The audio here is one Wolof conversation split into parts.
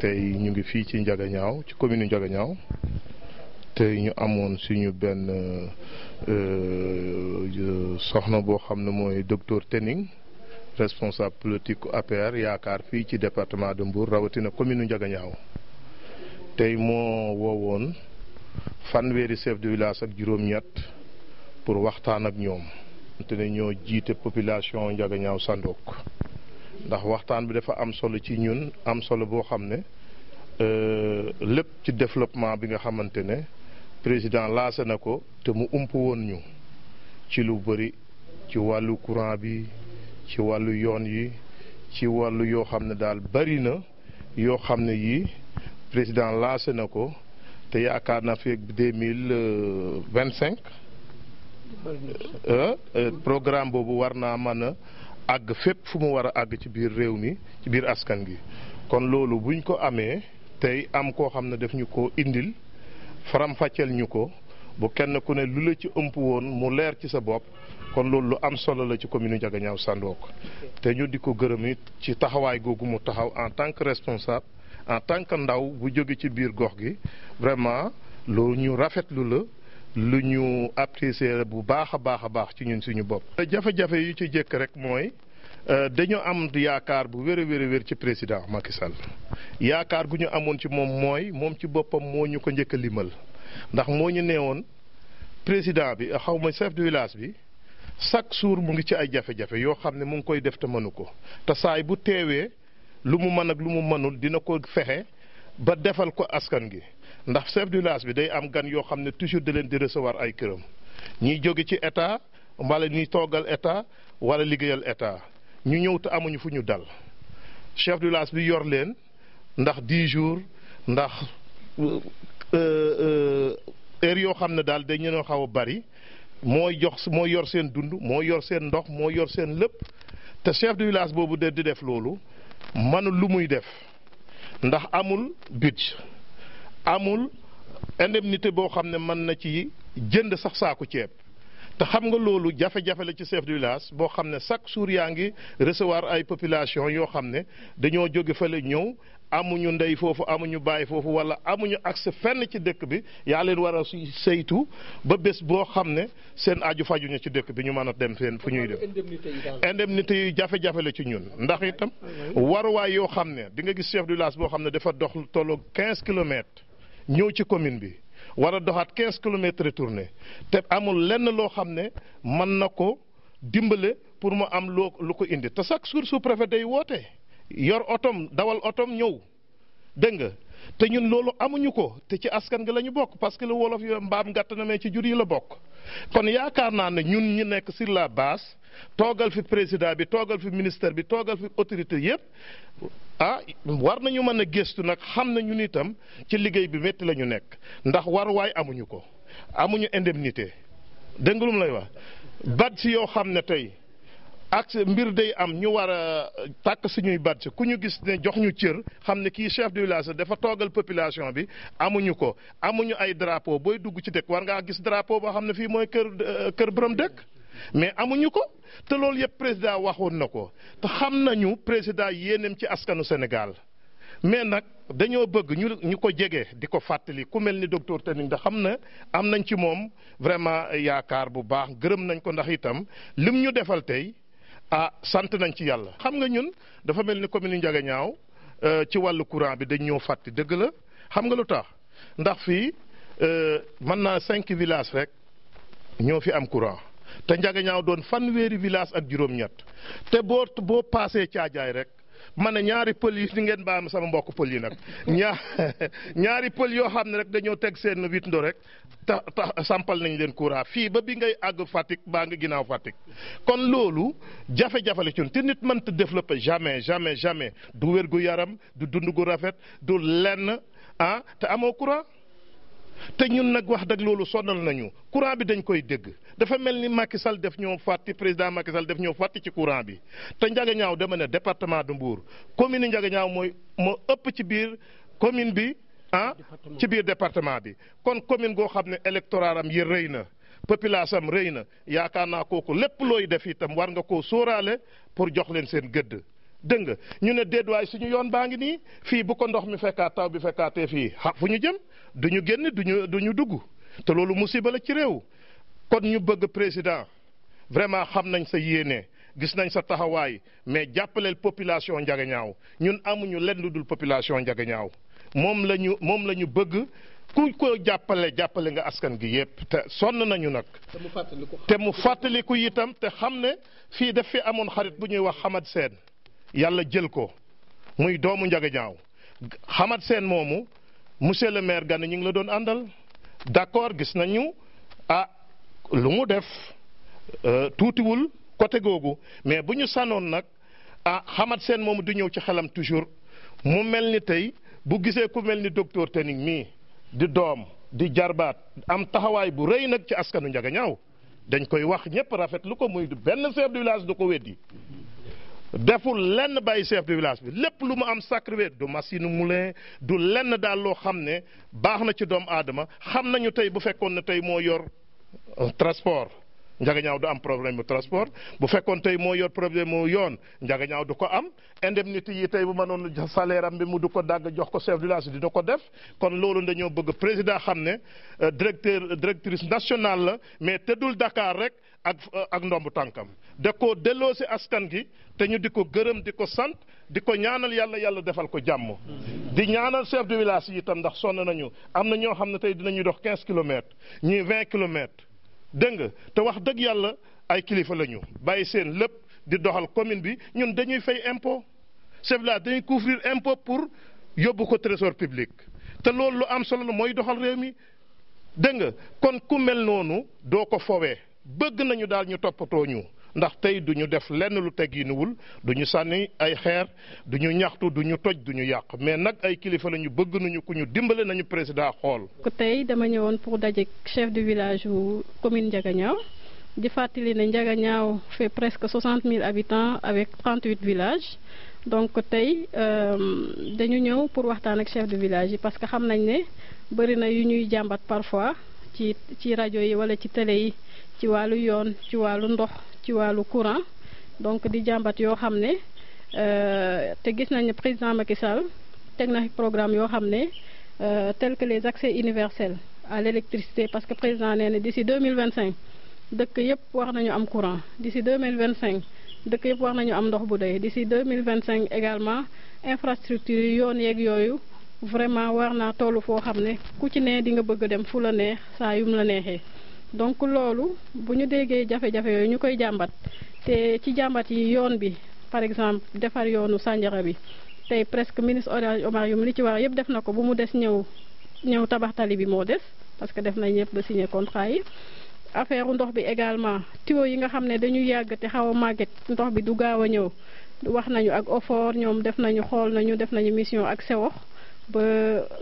tey ñu ngi fii ci njagañaaw ci commune Ndiaganiao tey ñu amoon suñu benn euh, euh, soxna boo xam ne mooy docteur Tening responsable politique APR yaakaar fii ci département de Mbour rawatina commune Ndiaganiao tey moo woowoon fanweeri chef de village ak juróom-ñett pour waxtaan ak ñoom. te ne ñoo jiite population Ndiaganiao Sandok. ndax waxtaan bi dafa am solo ci ñun am solo boo xam ne euh, lépp ci développement bi nga xamante ne président lancé na ko te mu ump woon ñu ci lu bëri ci wàllu courant bi ci wàllu yoon yi ci wàllu yoo xam ne daal bëri na yoo xam ne yii président lancé na ko te yaakaar naa fi deux mille euh, vingt cinq euh, programme boobu war naa mën a àgg fépp fu mu war a àgg ci biir réew mi ci biir askan gi kon loolu buñ ko amee tey am koo xam ne daf ñu ko indil faram-fàcceel ñu ko bu kenn ku ne lu la ci ëmp woon mu leer ci sa bopp kon loolu lu am solo la ci commune Ndiaganiao Sandok te ñu di ko gërëm ci taxawaay googu mu taxaw en tant que responsable en tant que ndaw bu jóge ci biir gox gi vraiment lu ñu rafetlu la lu ñu apprécier bu baax a baax a baax ci ñun suñu bopp. jafe-jafe yu ci jëkk rek mooy euh, dañoo am yaakaar bu wér a wér a ci président Macky yaakaar gu ñu amoon ci moom mooy moom ci boppam moo ñu ko njëkk a limal ndax moo ñu nee woon président bi xaw ma chef de village bi chaque jour mu ngi ci ay jafe-jafe yoo xam ne mu ngi koy def te mënu ko te saay bu teewee lu mu mën ak lu mu mënul dina ko fexe ba defal ko askan gi. ndax chef du village bi day am gan yoo xam ne toujours da leen di recevoir ay këram ñiy jóge ci état wala ñuy toogal état wala liggéeyal état ñu ñëw te amuñu fu ñu dal chef du village bi yor leen ndax 10 jours ndax euh, euh, heure yoo xam ne daal dañu leen xaw a bari mooy jox moo yor seen dund moo yor seen ndox moo yor seen lépp te chef du village boobu de di def loolu mënul lu muy def ndax amul budget amul indemnité boo xam ne mën na ci jënd sax saaku ceeb te xam nga loolu jafe-jafe la ci chef du village boo xam ne chaque jour yaa ngi recevoir ay population yoo xam ne dañoo jóge fële ñëw amuñu ndey foofu amuñu bàyyi foofu wala amuñu accès fenn ci dëkk bi yaa leen waral a saytu ba bés boo xam ne seen aju fajuñu ci dëkk bi ñu mën a dem seen fu ñuy dem. indemnité yi jafe-jafe ci ñun ndax itam ah waruwaay yoo xam ne di nga gis chef du village boo xam ne dafa dox tolloog 15 kilomètres. ñëw ci commune bi war a doxaat quinze kilomètres retourné te amul lenn loo xam ne mën na ko dimbale pour mu am loo lu ko indi te chaque jour sous préfet day woote yor otom dawal otom ñëw dégg nga te ñun loolu amuñu ko te ci askan gi la ñu bokk parce que le wolof yo mbaam gàtt na mais ci jur yi la bokk kon yaakaar naa ne ñun ñi nekk sur la base toogal fi président bi toogal fi ministère bi toogal fi autorité yëpp ah war nañu mën a gëstu nag xam na ñun itam ci liggéey bi métti la ñu nekk ndax waruwaay amuñu ko amuñu indemnité dégg nga lay wax bat si yoo xam ne tey ak mbir day am ñu war a tàkk suñuy badge ku ñu gis ne jox ñu cër xam ne kii chef de village dafa toogal population bi amuñu ko amuñu ay drapo booy dugg ci dëkk war ngaa gis drapo boo xam ne fii mooy kër euh, kër borom dëkk mais amuñu ko te loolu yëpp président waxoon na ko te xam nañu président yéenem ci askanu Sénégal mais nag dañoo bëgg ñu ñu ko jege di ko fàttali ku mel ni docteur Tening da xam na am nañ ci moom vraiment yaakaar bu baax gërëm nañ ko ndax itam lim ñu defal tey ah sant nañ ci yàlla xam nga ñun dafa mel ni commune Ndiaganiao euh, ci wàllu courant bi dañ ñëw fàtti dëgg la xam nga lu tax ndax fii euh, mën naa cinq villages rek ñoo fi am courant te Ndiaganiao doon fan fanweeri village ak juróom-ñett te boo boo paasee caajaay rek ma ne ñaari pël yi si ngeen baam sama mbokk pël yi nag ñaa ñaari pël yoo xam ne rek dañoo teg seen wit ndo rek ta ta sampal nañu leen courant fii ba bi ngay àgg Fatick baa ngi ginnaaw Fatick kon loolu jafe-jafe la te nit mënta développer jamais jamais jamais du wér gu yaram du dund gu rafet du lenn ah te amoo courant te ñun nag wax dëgg loolu sonal nañu courant bi dañ koy dégg. dafa mel ni Macky Sall def ñoo fàtti président Macky Sall def ñoo fàtti ci courant bi te Ndiaganiao dama ne département de Mbour commune Ndiaganiao mooy moo ëpp ci biir commune bi ah ci biir département bi kon commune goo xam ne électorat am yi rëy na population am rëy na yaakaar naa kooku lépp looy def itam war nga koo sóoraale pour jox leen seen gëdd dégg nga ñu ne déedwaay suñu yoon baa ngi nii fii bu ko ndox mi fekkaat taw bi fekkaatee fii xa fu ñu jëm du ñu génn du ñu dugg te loolu musiba la ci réew kon ñu bëgg président vraiment xam nañ sa yéene gis nañ sa taxawaay mais jàppaleel population Ndiaganiao ñun amuñu lenn lu dul population Ndiaganiao moom la ñu moom la ñu bëgg ku ko jàppale jàppale nga askan gi yépp te sonn nañu nag. te mu fàttaliku itam te xam ne fii daf fi amoon xarit bu ñuy wax Hamad Seen yàlla jël ko muy doomu Ndiaganiao Hamad Seen moomu monsieur le maire Gana ñu ngi la doon àndal d'accord gis nañu ah. lu mu def euh, tuutiwul côté googu mais bu ñu sanoon nag ah xamat seen moomu du ñëw ci xelam toujours mu mel ni tey bu gisee ku mel ni docteur Tening mii di doom di jarbaat am taxawaay bu rëy nag ci askanu njaga ñaaw dañ koy wax ñëpp rafet lu ko muy benn chef de village du ko weddi deful lenn bàyyi chef de village bi lépp lu mu am sacrifice du machine moulin du lenn daal loo xam ne baax na ci doomu aadama xam nañu tey bu fekkoon ne tey moo yor transport njagañaaw du am problème mu transport bu fekkoon tey moo yor problème mu yoon njagañaaw du ko am indemnité yi tey bu mënoon salaire am bi mu du ko dagg jox ko chef du di dina ko def kon loolu dañoo bëgg président xam ne euh, directeur directrice nationale la mais te dul Dakar rek ak euh, ak ndombu tànkam da ko delloo si askan gi te ñu di ko gërëm di ko sant di ko ñaanal yàlla yàlla defal ko jàmm. di ñaanal chef du village yi itam ndax sonn nañu am na ñoo xam ne tey dinañu dox 15 kilomètres ñii 20 dégg nga te wax dëgg yàlla ay kilifa la ñu bàyyi seen lépp di doxal commune bi ñun dañuy fay impôt chef de village dañuy couvrir impôt pour yóbbu ko trésor public te loolu lu am solo la mooy doxal réew mi dégg nga kon ku mel noonu doo ko fowee bëgg nañu daal ñu toppatoo ñu. ndax tay duñu def lenn lu tegginuwul duñu ñu sànni ay xeer duñu ñaxtu duñu toj duñu yak. yàq mais nag ay kilifa lañu bëgg nañu ku ñu dimbale nañu président xool. tey dama ñëwoon pour daje chef de village ou commune Ndiaganiao di fàttali ne Ndiaganiao fait presque 60 mille habitants avec 38 villages donc tey euh, dañu ñëw pour waxtaan ak chef de village yi parce que xam nañ ne bëri na yu ñuy jàmbat parfois ci ci rajo yi wala ci télé yi ci wàllu yoon ci wàllu ndox ci walu courant donc di jambat yo xamné euh té gis nañu président Macky Sall teg na programme yo xamné euh tel que les accès universels à l'électricité parce que président nee d'ici 2025 dëkk yëpp war nañu am courant d'ici 2025 dëkk yëpp war nañu am ndox bu doy d'ici 2025 également infrastructure est yoon vraiment war na toll fo xamné ku ci né di nga bëgg dem fu la neex sa yum la donc loolu bu ñu déggee jafe-jafe yooyu ñu koy jàmbat te ci jàmbat yi yoon bi par exemple defar yoonu Sandiara bi tey presque ministre Oumar Youm li ci wax yëpp def na ko bu mu des ñëw ñëw tabax tali bi moo des parce que def nañ ñëpp ba signé contrat yi affaire ndox bi également tuyaux yi nga xam ne dañuy yàgg te xaw a màgget ndox bi du gaaw a ñëw wax nañu ak OFOR ñoom def nañu xool nañu def nañu mission ak sewox ba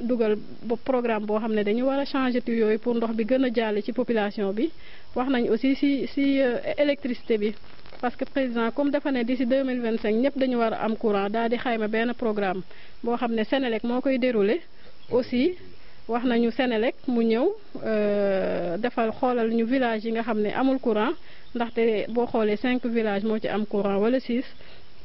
dugal ba programme boo xam ne dañu war a changer tuyaux yooyu pour ndox bi gën a jàll ci population bi wax nañ aussi si si euh, électricité bi parce que président comme dafa ne d'ici deux mille vingt cinq ñëpp dañu war am courant daal di xayma benn programme boo xam ne Sénélec moo koy dérouler aussi wax nañu Sénélec mu ñëw euh, defal xoolal ñu village yi nga xam ne amul courant ndaxte boo xoolee cinq villages moo ci am courant wala six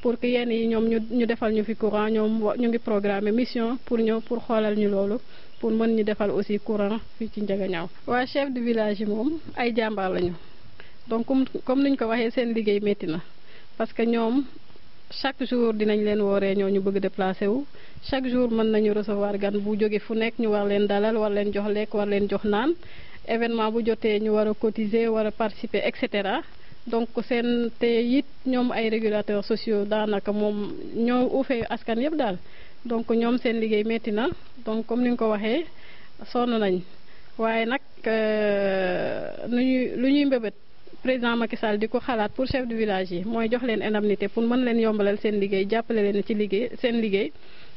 pour que yenn yi ñoom ñu ñu defal ñu fi courant ñoom ñu ngi programme mission pour ñëw pour xoolal ñu loolu pour mën ñu defal aussi courant fii ci Ndiaganiao waa chef de village yi moom ay jàmbaar lañu donc comme ñu ko waxee seen liggéey métti na parce que ñoom chaque jour dinañ leen wooree ñoo ñu bëgg déplacé wu chaque jour mën nañu recevoir gan bu jóge fu nekk ñu war leen dalal war leen jox lekk war leen jox naan événement bu jotee ñu war a cotiser war a et cetera donc seen te it ñoom ay régulateurs sociaux daanaka moom ñoo uufee askan yëpp daal donc ñoom seen liggéey métti na donc comme ni nga ko waxee sonn nañ waaye nag lu euh, ñuy lu ñuy mbébét président Macky Sall di ko xalaat pour chef du village yi mooy jox leen indemnité pour mën leen yombalal seen liggéey jàppale leen ci liggéey seen liggéey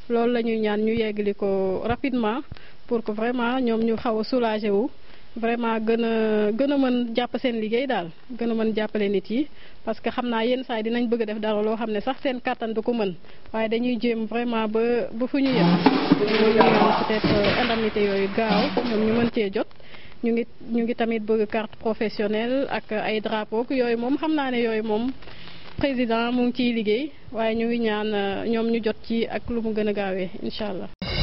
loolu la ñuy ñaan ñu yeggali ko rapidement pour ko vraiment ñoom ñu xaw a soulagé wu. vraiment gën a gën a mën dal, seen liggéey daal gën a mën jàppale nit yi parce que xam naa yenn saa yi dinañ bëgg a def dara loo xam sax seen kàttan du ko mën waaye dañuy jéem vraiment ba ba fu ñu peut-être euh, indemnité yooyu gaaw ñoom ñu mën cee jot ñu ngi ñu ngi tamit bëgg carte professionnelle ak ay drapeau président mu ngi liggéey ñu ngi ñaan euh, ñu jot ci ak lu mu